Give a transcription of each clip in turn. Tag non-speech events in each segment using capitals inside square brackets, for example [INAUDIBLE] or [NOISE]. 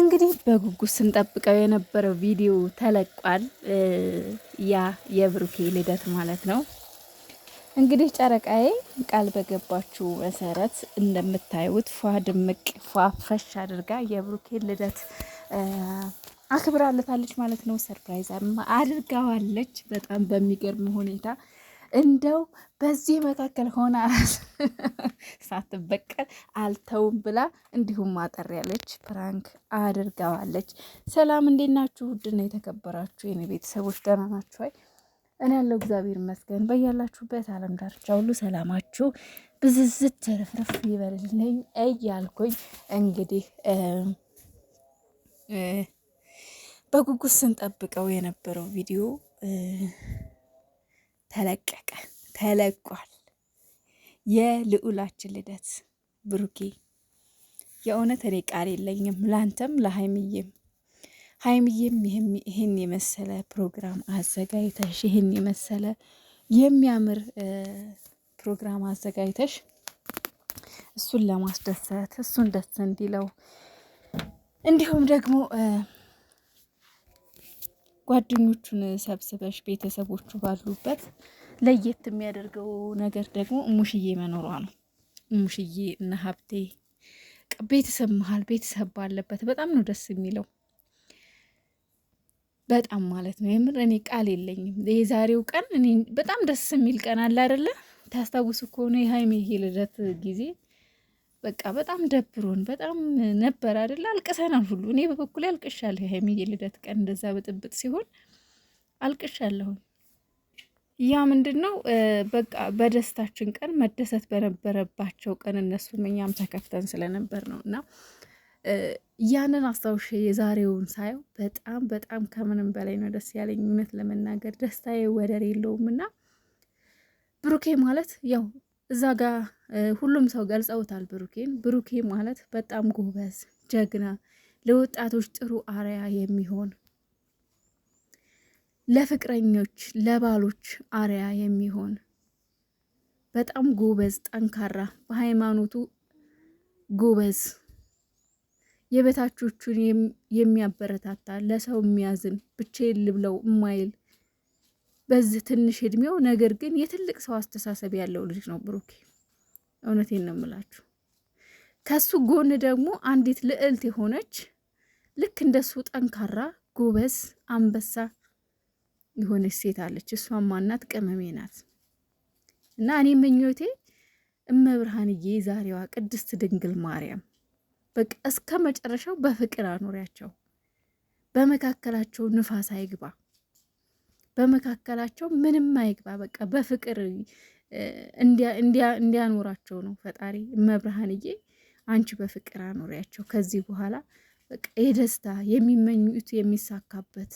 እንግዲህ በጉጉት ስንጠብቀው የነበረው ቪዲዮ ተለቋል። ያ የብሩኬ ልደት ማለት ነው። እንግዲህ ጨረቃዬ ቃል በገባችሁ መሰረት እንደምታዩት ፏ ድምቅ ፏ ፈሽ አድርጋ የብሩኬ ልደት አክብራለታለች ማለት ነው። ሰርፕራይዝ አድርጋዋለች በጣም በሚገርም ሁኔታ። እንደው በዚህ መካከል ሆና [LAUGHS] ሳትበቀል አልተውም ብላ እንዲሁም አጠር ያለች ፕራንክ አድርገዋለች። ሰላም እንዴት ናችሁ? ውድና የተከበራችሁ የኔ ቤተሰቦች ደህና ናችሁ ወይ? እኔ ያለው እግዚአብሔር ይመስገን። በያላችሁበት ዓለም ዳርቻ ሁሉ ሰላማችሁ ብዝዝት ትርፍርፍ ይበልልኝ እያልኩኝ እንግዲህ በጉጉት ስንጠብቀው የነበረው ቪዲዮ ተለቀቀ፣ ተለቋል። የልዑላችን ልደት ብሩኬ፣ የእውነት እኔ ቃል የለኝም ላንተም ለሀይምዬም ሀይምዬም ይህን የመሰለ ፕሮግራም አዘጋጅተሽ ይህን የመሰለ የሚያምር ፕሮግራም አዘጋጅተሽ እሱን ለማስደሰት እሱን ደስ እንዲለው እንዲሁም ደግሞ ጓደኞቹን ሰብስበሽ ቤተሰቦቹ ባሉበት ለየት የሚያደርገው ነገር ደግሞ ሙሽዬ መኖሯ ነው። ሙሽዬ እነ ሀብቴ ቤተሰብ መሀል ቤተሰብ ባለበት በጣም ነው ደስ የሚለው። በጣም ማለት ነው የምር እኔ ቃል የለኝም። የዛሬው ቀን እኔ በጣም ደስ የሚል ቀን አለ አደለ? ታስታውሱ ከሆነ የሀይሜ ልደት ጊዜ በቃ በጣም ደብሮን በጣም ነበር አይደለ? አልቅሰናል ሁሉ እኔ በበኩሌ አልቅሻለሁ። ሀይሚዬ የልደት ቀን እንደዛ ብጥብጥ ሲሆን አልቅሻለሁኝ። ያ ምንድን ነው በቃ በደስታችን ቀን መደሰት በነበረባቸው ቀን እነሱም እኛም ተከፍተን ስለነበር ነው እና ያንን አስታውሼ የዛሬውን ሳየው በጣም በጣም ከምንም በላይ ነው ደስ ያለኝ። እውነት ለመናገር ደስታዬ ወደር የለውም እና ብሩኬ ማለት ያው እዛ ጋር ሁሉም ሰው ገልጸውታል። ብሩኬን ብሩኬ ማለት በጣም ጎበዝ ጀግና፣ ለወጣቶች ጥሩ አርያ የሚሆን ለፍቅረኞች ለባሎች አርያ የሚሆን በጣም ጎበዝ ጠንካራ፣ በሃይማኖቱ ጎበዝ የበታቾቹን የሚያበረታታ ለሰው የሚያዝን ብቻዬን ልብለው እማይል በዚህ ትንሽ እድሜው ነገር ግን የትልቅ ሰው አስተሳሰብ ያለው ልጅ ነው ብሩኬ። እውነት ነው ከሱ ጎን ደግሞ አንዲት ልዕልት የሆነች ልክ እንደሱ ጠንካራ ጎበዝ አንበሳ የሆነች ሴት አለች። እሷም ማናት? ቅመሜ ናት። እና እኔ ምኞቴ እመብርሃንዬ፣ ዛሬዋ ቅድስት ድንግል ማርያም በቃ እስከ መጨረሻው በፍቅር አኖሪያቸው። በመካከላቸው ንፋስ አይግባ፣ በመካከላቸው ምንም አይግባ። በቃ በፍቅር እንዲያኖራቸው ነው ፈጣሪ። እመብርሃንዬ አንቺ በፍቅር አኖሪያቸው። ከዚህ በኋላ በቃ የደስታ የሚመኙት የሚሳካበት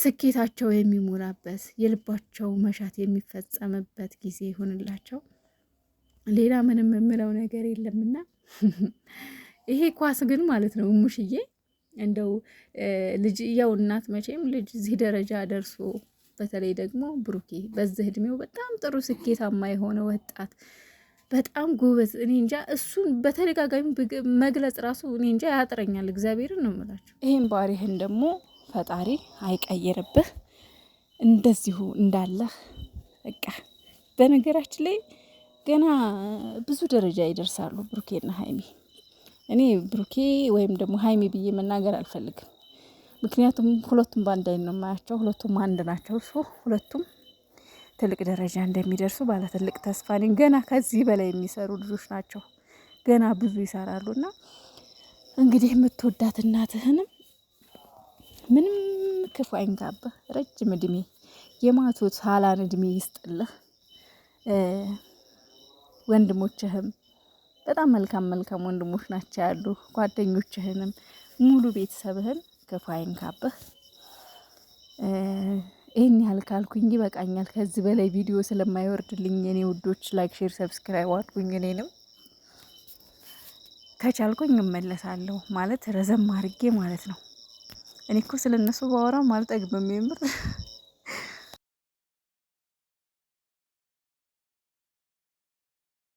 ስኬታቸው የሚሞላበት የልባቸው መሻት የሚፈጸምበት ጊዜ ይሆንላቸው። ሌላ ምንም የምለው ነገር የለምና [LAUGHS] ይሄ ኳስ ግን ማለት ነው እሙሽዬ እንደው ልጅ ያው እናት መቼም ልጅ እዚህ ደረጃ ደርሶ በተለይ ደግሞ ብሩኬ በዚህ እድሜው በጣም ጥሩ ስኬታማ የሆነ ወጣት በጣም ጎበዝ። እኔ እንጃ እሱን በተደጋጋሚ መግለጽ ራሱ እኔ እንጃ ያጥረኛል። እግዚአብሔርን ነው የምላቸው። ይህን ባህሪህን ደግሞ ፈጣሪ አይቀይርብህ፣ እንደዚሁ እንዳለህ በቃ። በነገራችን ላይ ገና ብዙ ደረጃ ይደርሳሉ ብሩኬና ሀይሚ። እኔ ብሩኬ ወይም ደግሞ ሀይሚ ብዬ መናገር አልፈልግም። ምክንያቱም ሁለቱም በአንድ አይን ነው የማያቸው። ሁለቱም አንድ ናቸው። ሁለቱም ትልቅ ደረጃ እንደሚደርሱ ባለ ትልቅ ተስፋ ነኝ። ገና ከዚህ በላይ የሚሰሩ ልጆች ናቸው። ገና ብዙ ይሰራሉና እንግዲህ የምትወዳት እናትህንም ምንም ክፉ አይንካብህ። ረጅም እድሜ የማቱት ሀላን እድሜ ይስጥልህ። ወንድሞችህም በጣም መልካም መልካም ወንድሞች ናቸው ያሉ ጓደኞችህንም ሙሉ ቤተሰብህን ክፉ አይንካብህ። ይህን ያህል ካልኩኝ ይበቃኛል። ከዚህ በላይ ቪዲዮ ስለማይወርድልኝ የኔ ውዶች ላይክ፣ ሼር፣ ሰብስክራይብ አድርጉኝ። እኔንም ከቻልኩኝ እመለሳለሁ ማለት ረዘም አድርጌ ማለት ነው። እኔ እኮ ስለነሱ ባወራ አልጠግብም የምር